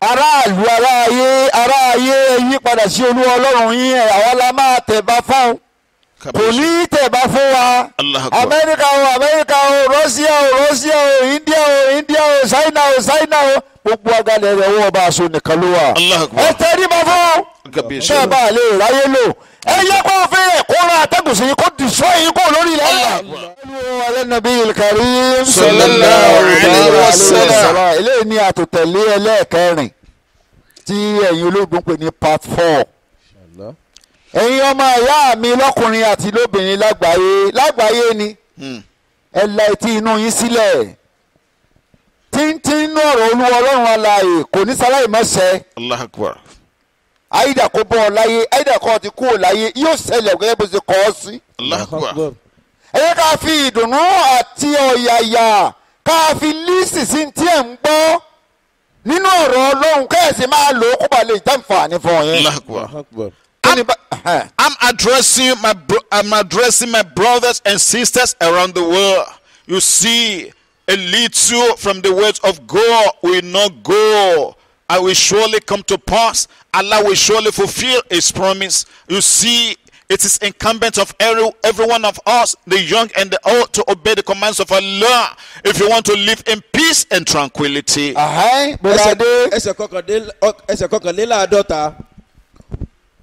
aráàlú aráayé aráayé yí padà sí olúwa ọlọ́run yín ẹ̀ àwa la máa tẹ̀ bá fáwọn kò ní tẹ̀bá fún wa amẹ́ríkà o amẹ́ríkà o rọ́ṣíà o rọ́ṣíà o india o india o ṣáínà o ṣáínà o gbogbo agalẹ̀ rẹ̀ wọ́n bá aṣọ nìkan ló wà ẹ tẹ́rí bá fún ṣé bá a lè ráyé lò ẹ yẹ kó o fẹ́ kó ra atẹ́gùn sí kó dì sọ kó lórí ilẹ̀. alẹ́nàbí karim sallallahu alaihi wasallam eléyìí ni àtòtẹ̀lé ẹlẹ́ẹ̀kẹrin tí ẹ̀yin olóògùn pè ní part four. ẹ̀yin ọmọ ìyá mi lọ́kùnrin àti lóbìnrin lágbàáyé lágbàáyé ni hmm. ẹ la etí inú yín sílẹ̀ tíntín inú ọ̀rọ̀ olúwa ọlọ́run alààyè kò ní sáláì mọ́ṣẹ́. Allahu bọ́ ọ láyé ti kú ọ láyé yóò ṣẹlẹ̀ gẹ́gẹ́ bó ṣe kọ́ ọ sí. ẹ yẹ ká fi ìdùnnú àti ọ̀yàyà fi sí ẹ̀ ń gbọ́ nínú ọ̀rọ̀ ọlọ́run máa lò ó kó lè jẹ́ I'm, uh-huh. I'm, addressing my I'm addressing my brothers and sisters around the world. You see, a little from the words of God will not go. I will surely come to pass. Allah will surely fulfill His promise. You see, it is incumbent of every, every one of us, the young and the old, to obey the commands of Allah if you want to live in peace and tranquility. Uh-huh.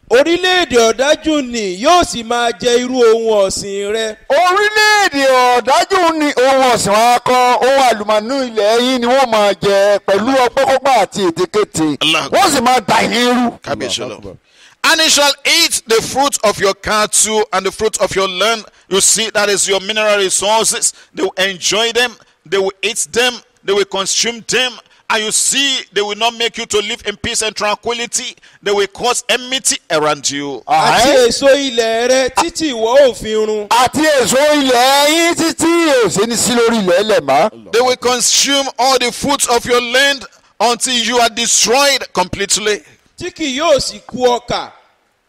orílẹ̀-èdè ọ̀dájú ni yóò sì máa jẹ irú ohun ọ̀sìn rẹ. orílẹ̀-èdè ọ̀dájú ni ohun ọ̀sìn wa kọ́ ohun àlùmọ́nú ilẹ̀ yín ni wọ́n máa jẹ pẹ̀lú ọgbọ́kọ́gbà àti ètekéte wọ́n sì máa dà ní irú. and it shall eat the fruit of your cattle and the fruit of your land you see that is your mineral resources they will enjoy them they will eat them they will consume them And you see, they will not make you to live in peace and tranquility. They will cause enmity around you. Àti èso ilẹ̀ rẹ títí ìwọ òfin run. Àti èso ilẹ̀ yín títí èsè ní sí lórí ilẹ̀ ẹlẹ̀ mọ́. They will consume all the fruits of your land until you are destroyed completely. Tí kì yóò sì kù ọkà.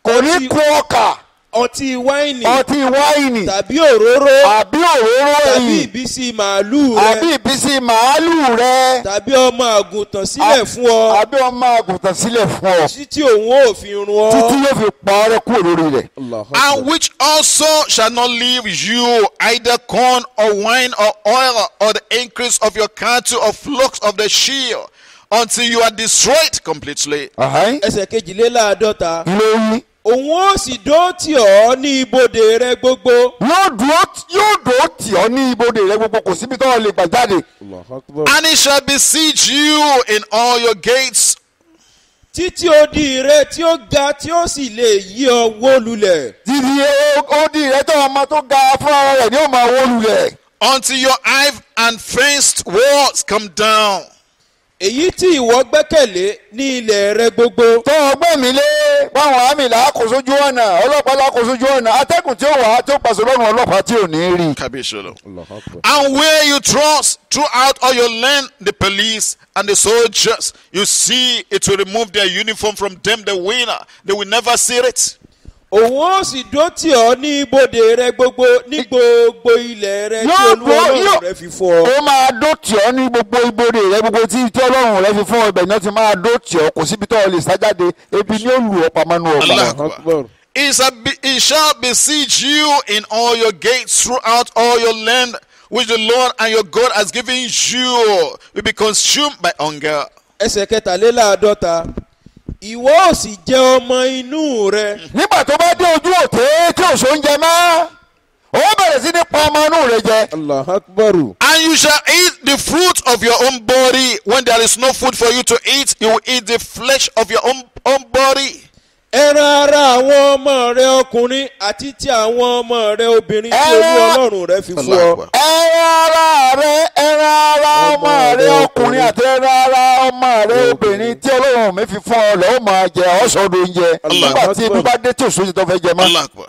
Kò ní kù ọkà ọtí wáìnì. ọtí wáìnì. tàbí òróró. àbí òróró yìí. tàbí ìbísí màálù rẹ. àbí ìbísí màálù rẹ. tàbí ọmọ àgùntàn sílẹ̀ fún ọ. àbí ọmọ àgùntàn sílẹ̀ fún ọ. títí òun ò fi run ọ. títí yóò fi pa kúrò lórí rẹ̀. and which also shall not leave you either corn or wine or oil or the increase of your cattle or flocks of the sheep until you are destroyed completely. ẹsẹ̀ kejìléláàádọ́ta. lórí òun ó sì dó tì ọ́ ní ibodè rẹ gbogbo. yóò dúró yóò dó tì ọ́ ní ibodè rẹ gbogbo kò síbi tó lè gbà jáde. and he shall besiege you in all your gates. títí odi rẹ tí ó ga tí ó sì lè yí ọ wó lulẹ̀. títí odi rẹ tó ọmọ tó ga fún ara rẹ ni ó máa wó lulẹ̀. until your eye and fenced walls come down. èyí tí ìwọ gbẹ́kẹ̀lé ní ilẹ̀ rẹ gbogbo. tó o gbọ́ mi lé báwọn àmì ọ̀nà ọlọ́pàá ọ̀nà tí ó wà á pàṣẹ lọ́rùn ọlọ́pàá tí ò ní rí. kábíyèsọlọ. and where you trust throughout all your land the police and the soldiers you see it will remove their uniform from them the winner they will never see it. Òun ó sì dó tì ọ́ ní ibodè rẹ gbogbo ní gbogbo ilẹ̀ rẹ tí Olúwa rẹ fi fún ọ. Ó máa dó tì ọ́ ní gbogbo ibodè rẹ gbogbo tí tí Ọlọ́run rẹ fi fún ọ ibẹ̀ ni ti máa dó tì ọ́ kò síbi tó lè sá ebi ni ó lù ọ́ pamọ́ He shall besiege you in all your gates throughout all your land which the Lord and your God has given you will be consumed by hunger. Ẹsẹ̀ kẹtàléláàádọ́ta ìwọ ò sì jẹ ọmọ inú rẹ. nígbà tó bá dé ojú òté tí òṣò ń jẹ mọ́ ó bẹ̀rẹ̀ sí ní pa ọmọ inú rẹ jẹ. Allahu Akbar. and you shall eat the fruit of your own body when there is no food for you to eat you will eat the flesh of your own, own body ẹ ara àwọn ọmọ rẹ ọkùnrin àti ti àwọn ọmọ rẹ obìnrin tí olú ọlọ́run rẹ fi fún ọ. ẹ ara rẹ ẹ ara ọmọ rẹ ọkùnrin àti ẹ ara ọmọ rẹ obìnrin tí ọlọ́run mi fi fún ọ lọ́wọ́ máa jẹ ọ̀ṣọ́dún oúnjẹ nígbà tí ibi bá dé tí òṣù tó fẹ́ jẹ mọ́.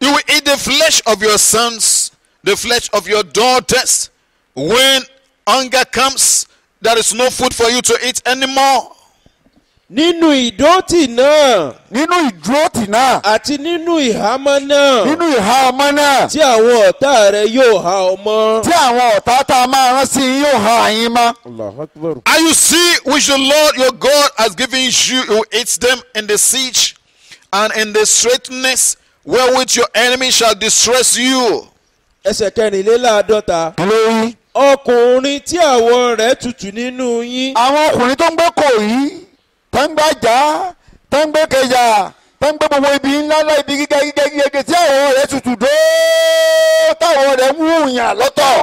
You will eat the flesh of your sons, the flesh of your daughters. When hunger comes, there is no food for you to eat anymore nínú ìdótì náà. nínú ìdótì náà. àti nínú ìhámọ́ náà. nínú ìhámọ́ náà. tí àwọn ọ̀tá rẹ yóò há ọ mọ́. tí àwọn ọ̀tá tá a máa rán sí i yóò há yín mọ́. Allahu Akbar. and you see which the Lord your God has given you you eat them in the siege and in the straightness wherewith your enemy shall distress you. ẹsẹ̀ kẹrìnléláàádọ́ta. olórí. ọkùnrin tí àwọ̀ rẹ̀ tutù nínú yín. àwọn ọkùnrin tó ń gbé kò yìí tẹ́ńgbàjà tẹ́ńgbẹ́kẹjà tẹ́ńgbẹ́ gbogbo ibi ńlá ńlá ibi gíga gíga gíga tí àwọn rẹ̀ tutù dóó táwọn rẹ̀ ń wùyàn lọ́tọ̀.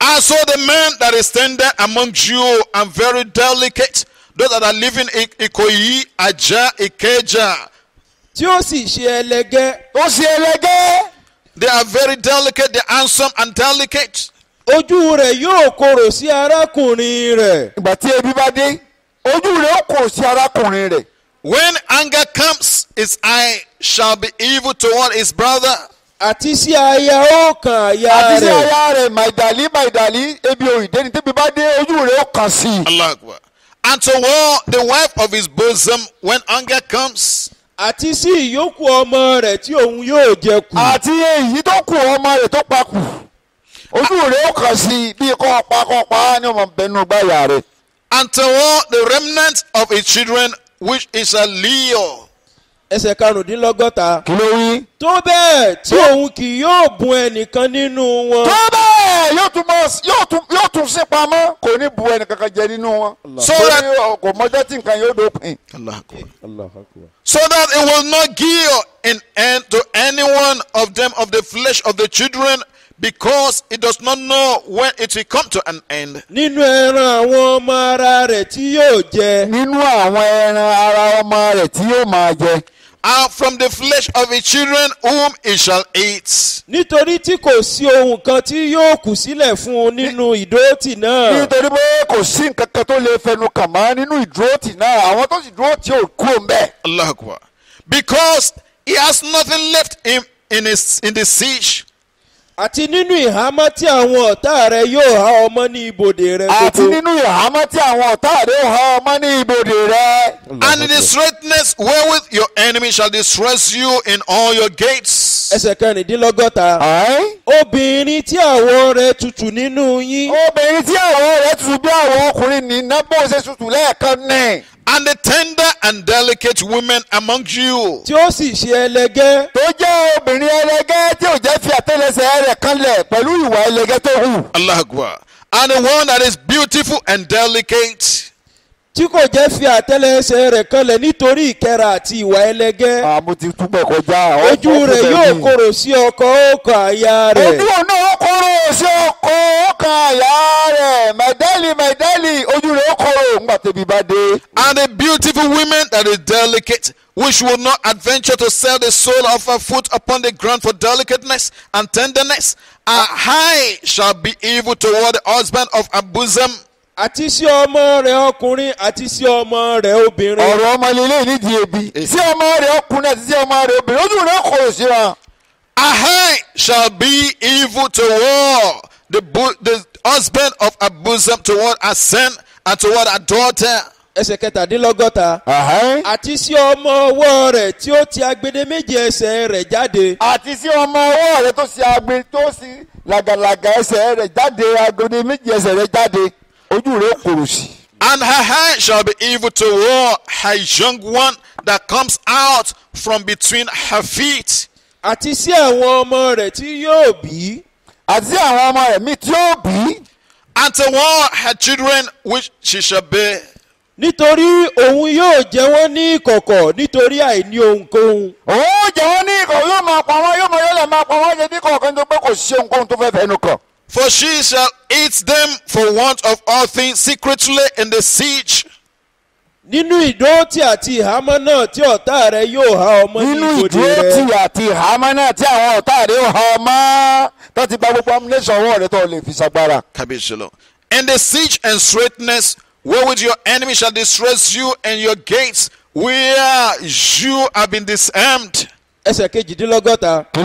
And so the men that is tender among you and very delicate, those that are living in Ikoyi, Aja, Ikeja. Tí ó sì ṣe ẹlẹgẹ́. Ó ṣe ẹlẹgẹ́. They are very delicate, they are handsome and delicate. Ojú rẹ̀ yóò korò sí arákùnrin rẹ̀. Ìgbà tí ebi bá dé ojú rẹ̀ ó kò sí arákùnrin rẹ̀. when anger comes his eye shall be evil toward his brother. àti sí aya ó kan aya rẹ̀. àti sí aya rẹ̀ màìdàlí màìdàlí ebi òyìnbó ni tẹ́bi bá dé ojú rẹ̀ ó kàn sí. Allahu And to war the wife of his bosom when anger comes. àti sí ìyókù ọmọ rẹ̀ tí òun yóò jẹ kù. àti èyí tó kù ọmọ rẹ̀ tó pa kù ojú rẹ̀ ó kàn sí bí kò pa kò pa ni ọmọ bẹnu gbáyà rẹ̀ until the remnant of his children which is a leo. ẹsẹ̀ karùndínlọ́gọ́ta. kí ló wí. tó bẹ́ẹ̀ tí òun kì yóò bùn ẹnìkan nínú wọn. tó bẹ́ẹ̀ yóò tún mọ yóò tún sí pamọ́ kò ní bu ẹnìkankan jẹ nínú wọn. so that kò mọjọ́ tí nǹkan yóò dópin. so that it will not give an end to any one of them of the flesh of the children because it does not know when it will come to an end. nínú ẹran àwọn ọmọ ara rẹ̀ tí yóò jẹ. nínú àwọn ẹran ara ọmọ rẹ̀ tí yóò máa jẹ. and from the flesh of his children whom he shall eat. nítorí tí kò sí ohun kan tí yóò kù sílẹ̀ fún un nínú ìdóòtì náà. nítorí pé kò sí nǹkan kan tó lè fẹnu kàn mọ́ nínú ìdóòtì náà àwọn tó sì dúró ò kú ń bẹ̀. Allahu because he has nothing left in, in, in the siege àti nínú ìhámọ́ tí àwọn ọ̀tá rẹ yóò há ọmọ ní ibodè rẹ àti nínú ìhámọ́ tí àwọn ọ̀tá rẹ yóò há ọmọ ní ibodè rẹ. and in the straightness wherewith your enemy shall distress you in all your gates. ẹsẹ̀ kẹrìndínlọ́gọ́ta. obìnrin tí àwọ̀ rẹ̀ tutù nínú yín. obìnrin tí àwọ̀ rẹ̀ tutù bí àwọn ọkùnrin ní nábọ̀ ṣe tutù lẹ́ẹ̀kan náà and the tender and delicate women among you. tí ó sì ṣe ẹlẹgẹ́. tó jẹ́ obìnrin ẹlẹgẹ́ tí ò jẹ́ fi àtẹ́lẹsẹ̀ rẹ̀ kanlẹ̀ pẹ̀lú ìwà ẹlẹgẹ́ tó hù. Allahu Akbar and the one that is beautiful and delicate tí kò jẹ́ fi àtẹ́lẹsẹ̀ rẹ̀ kanlẹ̀ nítorí ìkẹ́ra àti ìwà ẹlẹgẹ́. àmú ti túbọ̀ kọjá. ojú rẹ̀ yóò korò sí ọkọ ọkọ àyà rẹ̀. ojú náà korò sí ọkọ ọkọ àyà rẹ̀ mẹ̀dẹ́lì mẹ̀dẹ́lì ojú rẹ̀ korò ńgbà tẹ̀bí bá dé. and the beautiful women that is delicate which will not adventure to sell the sole of her foot upon the ground for delicateness and tenderness are high shall be evil toward the husband of her bosom àti sí ọmọ rẹ̀ ọkùnrin àti sí ọmọ rẹ̀ obìnrin. ọ̀rọ̀ ọmọ lélẹ̀ nídìí ebi sí ọmọ rẹ̀ ọkùnrin àti sí ọmọ rẹ̀ obìnrin ojú rẹ̀ kò sí wa. Ahai shall be evil toward the, the husband of abusam toward a son and toward a daughter. ẹsẹ̀ kẹtàdínlọ́gọ́ta. àti sí ọmọ ọwọ́ rẹ̀ tí ó ti agbede ẹsẹ̀ rẹ̀ jáde. àti sí ọmọ ọwọ́ rẹ̀ tó sì agbe tó sì làgàlàgà ẹsẹ̀ rẹ̀ jáde agbede ẹsẹ̀ rẹ̀ jáde ojú rẹ̀ kòrò sí. and her hand shall be evil to war; her young one that comes out from between her feet. àti sí àwọn ọmọ rẹ̀ tí yóò bí. àti sí àwọn ọmọ rẹ̀ mi tí yóò bí. and toward her children which she shall bear. nítorí òun yóò jẹ wọ́n ní ìkọ̀kọ̀ nítorí àìní ohunkóhun. òun yóò jẹ wọ́n ní ìkọ̀kọ̀ yóò máa pa wọ́n yóò máa yọ̀lẹ̀ máa pa wọ́n ṣe bí kọ̀ọ̀kan tó pé kò sí ohunkóhun tó fẹ́ fẹ́ nu kàn. For she shall eat them for want of all things secretly in the siege. Nínú ìdóòtì àti ìhámọ́ náà tí ọ̀tá rẹ yóò há ọmọ ní ìgbòdì rẹ. Nínú ìdóòtì àti ìhámọ́ náà tí àwọn ọ̀tá rẹ yóò há ọmọ tó ti gba gbogbo amúlẹ́sọ̀ ọwọ́ rẹ tó lè fi ṣàgbára. Kábíyèsí lọ. In the siege and straightness wherewith your enemy shall distress you and your gates where you have been disarmed ẹsẹ̀ kejìdínlọ́gọ́ta. kí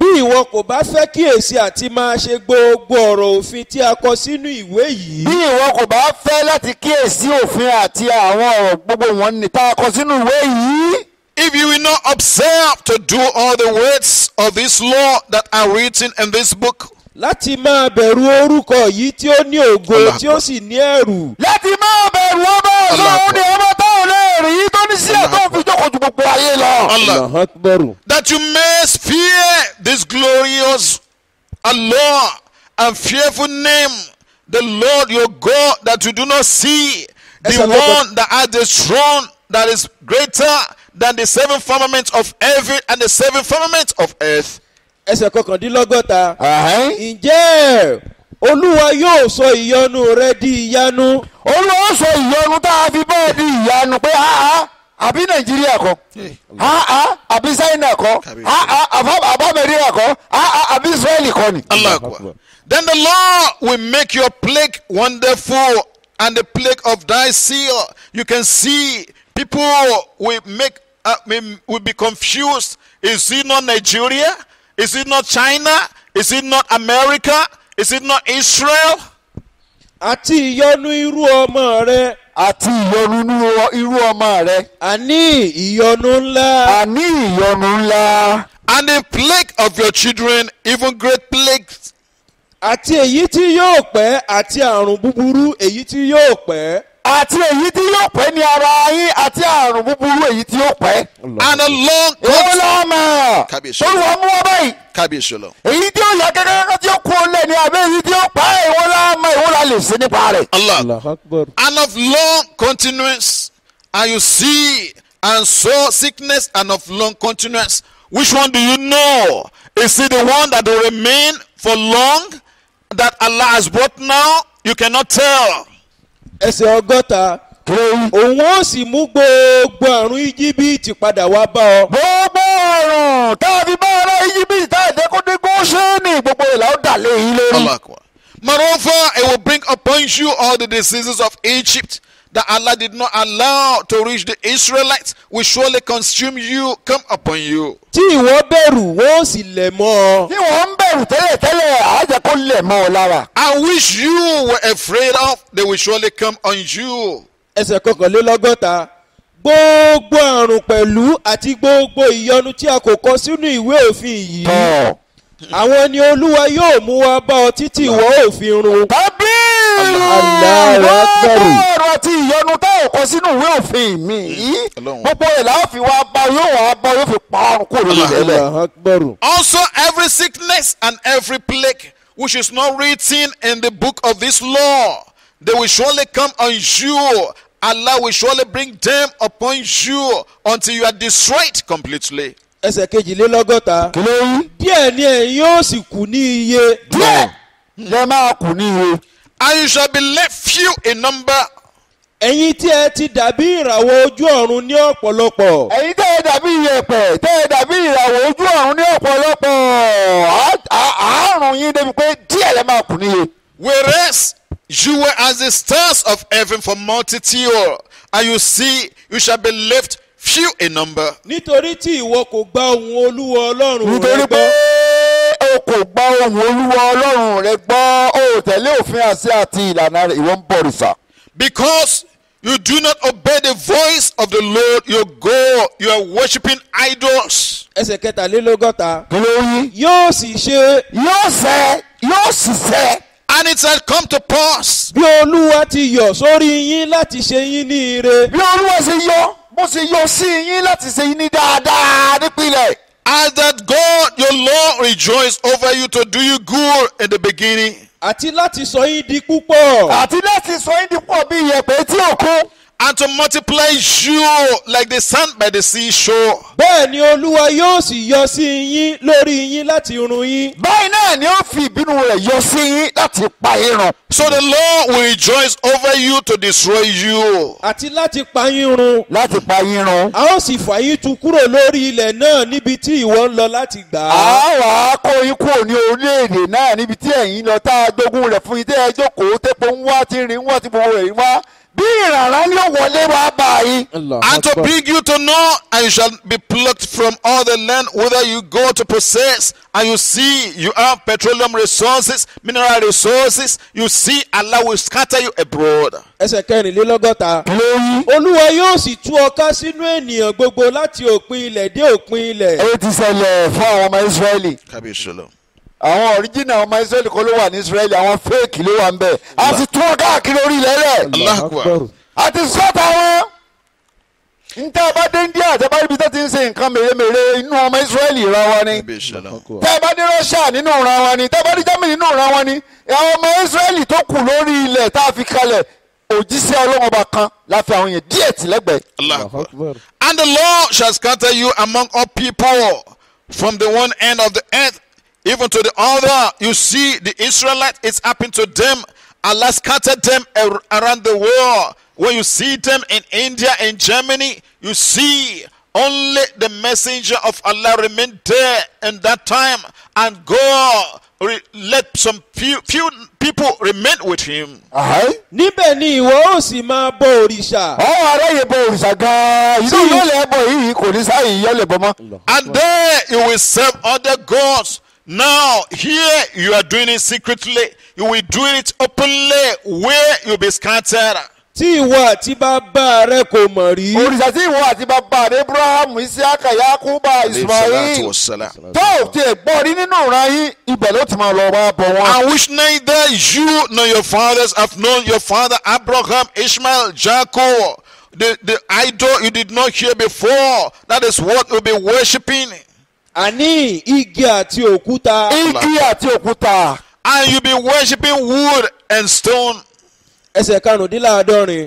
bí ìwọ kò bá fẹ́ kíyèsí àti máa ṣe gbogbo ọ̀rọ̀ òfin tí a kọ sínú ìwé yìí. bí ìwọ kò bá fẹ́ láti kíyèsí òfin àti àwọn ọ̀rọ̀ gbogbo wọn ni tá a kọ sínú ìwé yìí. If you will not observe to do all the words of this law that are written in this book. Láti máa bẹ̀rù orúkọ yìí tí ó ní ògo tí ó sì ní ẹ̀rù. Láti máa bẹ̀rù ọba ọlọ́run ni ọba táwọn lè rí israel tó fi jókòó gbogbo ayé lọ. Allah that you may fear this glorious Allah and fearful name the Lord your God that you do not see the one that has the throne that is greater than the seven firmaments of heaven and the seven firmaments of earth. ẹsẹ̀ kọkàndínlọ́gọ́ta. ǹjẹ́ olúwa yóò sọ ìyanu rẹ di ìyanu. olúwa sọ ìyanu tá a fi bẹ́ẹ̀ di ìyanu pé áá àbí nàìjíríà kọ́ aa eh. àbí ṣáínà kọ́ aa àbí amẹ́ríkà kọ́ aa àbí israẹli kọ́ ni. Allah akbar then the Lord will make your plague wonderful and the plague of thy seal you can see people will make uh, will be confused is it not Nigeria is it not China is it not America is it not Israel. àti ìyọnu irú ọmọ rẹ àti ìyọnu irú ọmọ rẹ. àní ìyọnu ńlá. àní ìyọnu ńlá. and the plague of your children even great plagues. àti èyí tí yóò pẹ́ àti àrùn búburú èyí tí yóò pẹ́. àti èyí tí yóò pẹ́ ní ara yín àti àrùn búburú èyí tí yóò pẹ́. and a long coat. èyí ló mọ̀. kábíyèsí lọ. olùwàmúwọ́ báyìí. kábíyèsí lọ. èyí tí ó yà kẹ́kẹ́ kẹ́kẹ́ tí ó kú olè ní abẹ́ èyí nípa ìwọ la mọ̀ lè ṣe nípa rẹ̀. and of long continuance and you see and so sickness and of long continuance which one do you know is it the one that will remain for long that Allah has brought now you cannot tell. ẹsẹ̀ ọgọ́ta òun ó sì mú gbogbo àrùn íjíbítì padà wá bá ọ. gbogbo ọ̀ràn tá a fi bá ara íjíbítì tá a dẹ́kun dé góṣẹ́ẹ̀nì gbogbo ìlà ó dà lé yín lórí. Moreover, it will bring upon you all the diseases of Egypt that Allah did not allow to reach the Israelites will surely consume you come upon you. Tí ìwọ bẹ̀rù, wọ́n sì lẹ̀ mọ́ ọ. Tí wọ́n ń bẹ̀rù tẹ́lẹ̀tẹ́lẹ̀, àájẹ kó lẹ̀ mọ́ lára. I wish you were afraid of, they will surely come on you. Ẹsẹ̀ kọkànlélọ́gọ́ta gbogbo àrùn pẹ̀lú àti gbogbo ìyọnu tí a kò kọ sínú ìwé òfin yìí. Tọ́ àwọn ni olúwa yóò mú wá bá ọ títí ìwọ ò run. tàbí ìrọ̀rùn ọ̀rọ̀ àti ìyọnu tá ò kọ sínú ìwé òfin mi gbogbo ẹ̀ la ó bá yóò wá bá yóò fi pa ọrùn kúrò lórí also every sickness and every plague which is not written in the book of this law they will surely come on you Allah will surely bring them upon you until you are destroyed completely ẹsẹ̀ kejìlélọ́gọ́ta. kí ló díẹ̀ ni ẹ̀ yóò sì kù ní iye. díẹ̀ lẹ máa kù ní iye. and you shall be left few in number. ẹ̀yin tí ẹ ti dàbí ìràwọ̀ ojú ọ̀run ní ọ̀pọ̀lọpọ̀. ẹ̀yin tẹ́ ẹ dàbí iyẹ̀pẹ̀ tẹ́ ẹ dàbí ìràwọ̀ ojú ọ̀run ní ọ̀pọ̀lọpọ̀ àárùn yín débi pé díẹ̀ lẹ máa kù ní iye. whereas you were as the stars of heaven for multitude and you see you shall be left few few in number. nítorí tí ìwọ kò gba ohun olúwa ọlọ́run rẹ gbọ́. nítorí pé o kò gba ohun olúwa ọlọ́run rẹ gbọ́ o tẹ̀lé òfin àṣẹ àti ìlànà ìwọ ń bọ̀rìṣà. because you do not obey the voice of the lord your god you are worshiping idols. ẹsẹ̀ kẹtàlélọ́gọ́ta. kí yóò sì ṣe. yóò ṣe yóò sì ṣe. And it had come to pass. Bí Olúwa ti yọ̀ sórí yín láti ṣe yín ní ire. Bí Olúwa ṣe yọ̀ mo sì yọ sí yín láti ṣe yín ní dáadáa nípìnlẹ̀. as that God your Lord rejoice over you to do you good in the beginning. àti láti sọ yín di púpọ̀. àti láti sọ yín di púpọ̀ bí iyẹ̀pẹ̀ tí ò kú and to multiply you like the sand by the seashore. bẹ́ẹ̀ ni olúwa yóò sì yọ sí yín lórí yín láti run yín. báyìí náà ni ó fi ìbínú rẹ̀ yọ sí yín láti pa yín run. so the Lord will rejoice over you to destroy you. àti láti pa yín run. láti pa yín run. a ó sì fà yín tu kúrò lórí ilẹ̀ náà níbi tí ìwọ ń lọ láti gbà á. a wà á kó yín kúrò ní orílẹ̀-èdè náà níbi tí ẹ̀yin lọ tá a dogun rẹ̀ fún yín tẹ́ ẹ jókòó tẹ́pọ̀ ń wá tí ń wá tí gbogbo rẹ̀ wá bí ìràrá ni ó wọlé wá bá yín. and to bring you to know and you shall be plucked from all the land whither you go to possess and you see you have petroleum resources mineral resources you see Allah will scatter you abroad. ẹsẹ̀ kẹrìnlélọ́gọ́ta. lóyún. olúwa yóò sì tú ọká sínú ènìyàn gbogbo láti òpin ilẹ̀ dé òpin ilẹ̀. ó ti ṣẹlẹ̀ fún àwọn ọmọ Ísírẹ́lì. kábíyèsí lọ àwọn ọ̀ríjìnà ọmọ israẹli kọ́ ló wà ní israẹli àwọn fẹ́ẹ̀kì ló wà ń bẹ̀ a sì tún wọn káàkiri orí ilẹ̀ rẹ̀ a ti sọ́ta wọn ntẹ́ ẹ bá dé ń díẹ̀ àtẹ́bá ibi tó ti ń ṣe nǹkan mèremère inú ọmọ israẹli ìran wọn ni tẹ́ ẹ ní russia nínú ìran wọn ni tẹ́ ẹ ní germany nínú ìran wọn ni àwọn ọmọ israẹli tó kù lórí ilẹ̀ tá a fi kalẹ̀ òjíṣẹ́ ọlọ́run ọba kan láfi àwọn yẹn díẹ̀ tì and the Lord shall scatter you among all people from the one end of the earth Even to the other, you see the Israelites, it's happened to them. Allah scattered them around the world. When you see them in India and Germany, you see only the messenger of Allah remained there in that time, and God let some few, few people remain with him. and there you will serve other gods. Now, here you are doing it secretly, you will do it openly where you be scattered. Tí ìwọ àti bàbá rẹ kò mọ̀ rí. Òrìṣà tí ìwọ àti bàbá rẹ Ibrahim Isiaka Yakuba Ismail. Tó ti gbọ́ rí nínú ìran yín, ibẹ̀ ló ti máa lọ wá bọ̀ wọn. I wish neither you nor your fathers have known your father Abraham, Ishmael, Jacob, the, the idol you did not hear before. That is what you be worshipping àní igi àti òkúta. igi àti òkúta. and you be worshiping wood and stone. ẹsẹ̀ karùndínláàádọ́rin.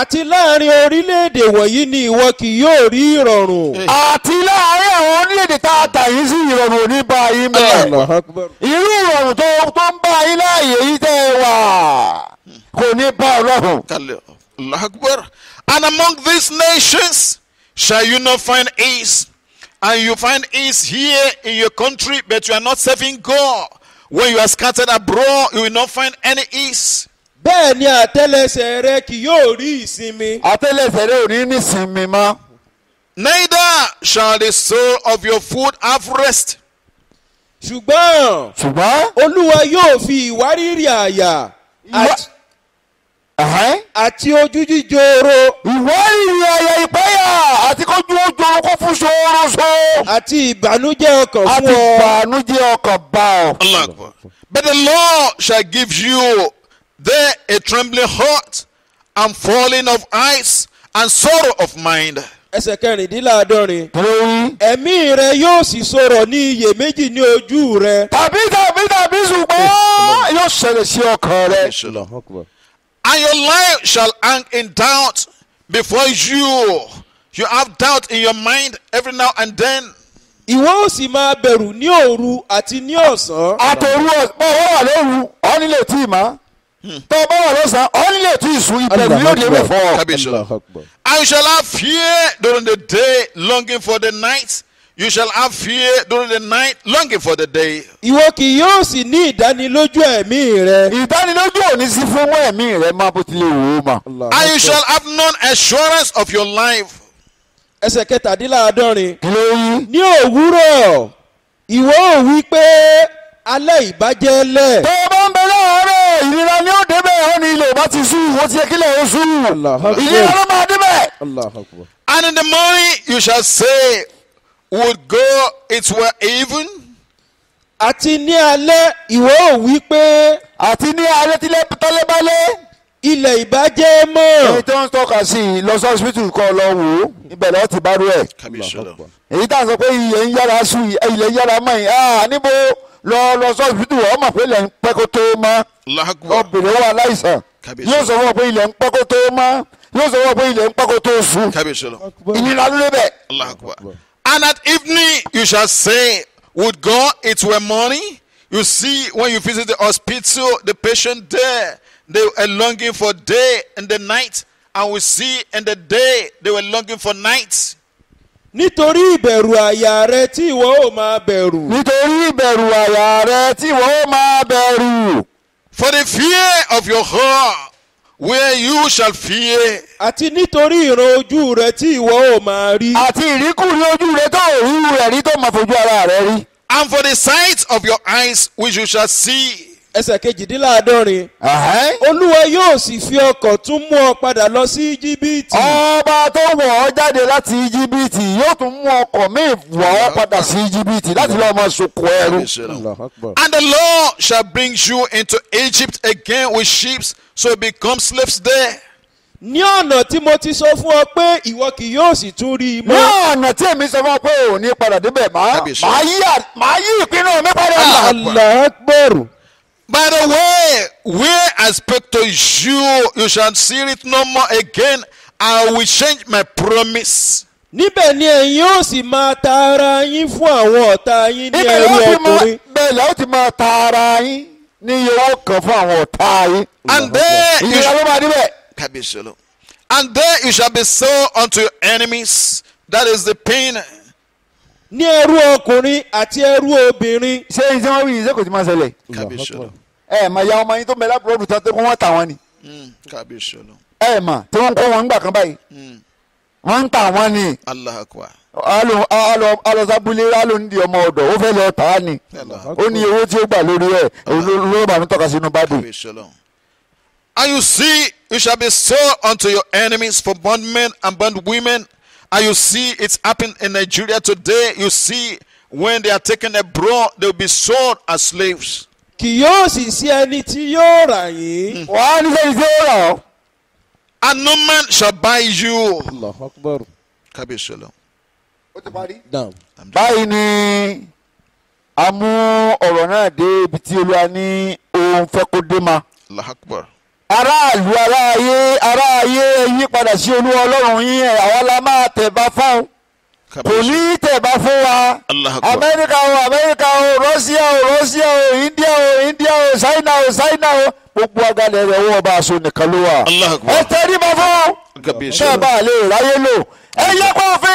àti láàrin orílẹ̀-èdè wọ̀nyí ni ìwọ kì yóò rí ìrọ̀rùn. àti láàrin àwọn orílẹ̀-èdè tá a tà yín sí ìrọ̀rùn ò ní bá yín bẹ́ẹ̀. irú ìrọ̀rùn tó tó ń bá yín láàyè yìí tẹ́ ẹ wà kò ní bá ọlọ́run. and among these nations shall you not find ease and you find ease here in your country, but you are not serving God. When you are scattered abroad, you will not find any ease. Bẹ́ẹ̀ ni àtẹ́lẹsẹ̀ rẹ kì yóò rí ìsinmi. Àtẹ́lẹsẹ̀ rẹ ò rí nísinmi mọ́. Neither shall the soul of your food have rest. Ṣùgbọ́n. Ṣùgbọ́n. Olúwa yóò fi ìwárìrì àyà. àti àti ojú jíjòrò. ìwé ìrìn àyà ìpẹ́yà àti kójú ojoro kó fún ṣooro ṣo. àti ìbànújẹ́ ọkàn fún ọ. àti ìbànújẹ́ ọkàn bá ọ. But the Lord shall give you there a trembling heart and falling of eyes and sorrow of mind. ẹsẹ̀ kẹrìndínláàádọ́rin. ẹ̀mí rẹ yóò sì sọ̀rọ̀ ní iyèméjì ní ojú rẹ. tàbí tàbí tàbí ṣùgbọ́n yóò ṣẹlẹ̀ sí ọkàn rẹ and your life shall hang in doubt before you. You have doubt in your mind every now and then. Ìwọ ò sì máa bẹ̀rù ní òru àti ní ọ̀sán. Àtòru ọ̀pọ̀ ọ̀wọ́ wà lóru, ọ nílé tí ì máa. Hmm. Tọ́ bá wà lọ́sàn-án, ọ nílé tí ì ìbẹ̀rù yóò dé bẹ̀ I shall have fear during the day, longing for the night. You shall have fear during the night, longing for the day. Ìwọ kì yóò sì ní ìdánilójú ẹ̀mí rẹ. Ìdánilójú ò ní sí fún ẹ̀mí rẹ máa bó tilẹ̀ wò ó mà. And you shall have none assurance of your life. Ẹsẹ̀ kẹtàdínláàádọ́rin. Kí Ní òwúrọ̀, ìwọ ò wí pé alẹ́ ìbàjẹ́ lẹ̀. Tó o bá ń bẹ láàárọ̀, ìnira ni ó débẹ̀ ọ́ ni ilé ìbá ti sú, wọ́n ti yẹ kílẹ̀ ó sú. Ìnira ló máa débẹ̀. And in the morning you shall say would go it were even. àti ní alẹ́ ìwọ ò wí pé. àti ní alẹ́ tí tọ́lẹ́ bá lé. ilẹ̀ ìbàjẹ́ mọ́. èyí tó ń tọ́ka sí i lọ sí hospital kọ́ lọ wò ó ibẹ̀ lọ́ọ́ ti bá rú ẹ̀. èyí tá à ń sọ pé ilẹ̀ ń yára sùn ilẹ̀ ń yára mọ́ ẹ̀ ah, níbo lọ lọ sí hospital ọmọ pé ilẹ̀ ń pẹ́ kó tó mọ́. obìnrin wà láìsàn yóò sọ fún ọ pé ilẹ̀ ń pẹ́ kó tó mọ́ yóò sọ fún ọ pé ilẹ̀ ń pẹ́ kó tó sùn. ìnira ló dé bẹ́ẹ̀. And at evening you shall say, Would God it were morning? You see, when you visit the hospital, the patient there, they were longing for day and the night. And we see in the day they were longing for night. nítorí ìbẹ̀rù àyà rẹ tí ìwọ ó máa bẹ̀rù. nítorí ìbẹ̀rù àyà rẹ tí ìwọ ó máa bẹ̀rù. for the fear of your heart where you shall fear. àti nítorí ìran ojú rẹ tí ìwọ ò máa rí. àti ìríkùrí ojú rẹ tó ò rí rẹ rí tó máa fojú ara rẹ rí. and for the sight of your eyes which you shall see ẹsẹ̀ kejìdínláàádọ́rin. olúwa yóò sì fi ọkọ̀ tún mú ọ padà lọ sí íjíbítì. ọba tó wọ̀ ọ́ jáde láti íjíbítì yóò tún mú ọkọ̀ míì wọ̀ ọ́ padà sí íjíbítì láti lọ́ọ́ máa sokò ẹrú. and the Lord shall bring you into Egypt again with ships so become slaves there. ní ọ̀nà tí mo ti sọ fún ọ pé ìwọ kì yóò sì tún rí i mọ́. ní ọ̀nà tí èmi sọ fún ọ pé ò ní padà débẹ̀ máa yí ìpinnu mi padà. Ah, Allahu By the way, where I speak to you, you shall see it no more again. I will change my promise. Níbẹ̀ ni ẹ̀yin ó sì máa ta ara yín fún àwọn ọ̀tá yín ní ẹrú ọkùnrin. Níbẹ̀ ló ti máa ta ara yín ní owó kan fún àwọn ọ̀tá yín. and there you ìyá ló máa and there you shall be sold unto your enemies that is the pain. ní ẹrú ọkùnrin àti ẹrú obìnrin. ṣé iṣẹ́ wọn wíyìn ṣé kò ti máa ṣẹlẹ̀. kábíyèsí ló. ẹ ẹ mà ya ọmọ yín tó mẹ́lá búrọ́dù tó kún wọ́n tà wọ́n ni. Hmm, kábíyèsí ló. mà tí wọ́n kọ́ wọn ń gbà kan báyìí. Hmm. wọ́n ń tà wọ́n ni. Allah akbar alọ́sàbúlé alóńdì ọmọ ọ̀dọ̀ ó fẹ́ lọ tà ni ó ní owó tí ó gbà lórí ẹ̀ olóòbá mi tọ́ka sínú bádì. And you see, you shall be sold unto your enemies for bondmen and bondwomen. And you see, it's happened in Nigeria today. You see, when they are taken abroad, they will be sold as slaves. Kì yóò sì sí ẹni tí yóò rà yín. Wàá ní sẹ́yìn yóò rà And no man shall buy you. Allahu Akbar ó ti parí. báyìí ni a mú ọ̀rọ̀ náà dé ibi tí olúwa ní òun fẹ́ kó dé ma. aráàlú aráayé aráayé yí padà sí olúwa ọlọ́run yín ẹ̀ àwa la máa tẹ̀ bá kò ní tẹ̀bá fún wa amẹ́ríkà o amẹ́ríkà o rọ́ṣíà o rọ́ṣíà o india o india o ṣáínà o ṣáínà o gbogbo agalẹ̀ rẹ̀ wọ́n bá aṣọ nìkan ló wà. ẹ tẹ́rí bá fún un bẹ́ẹ̀ bá lè ráyé lò ẹ yẹ kó fi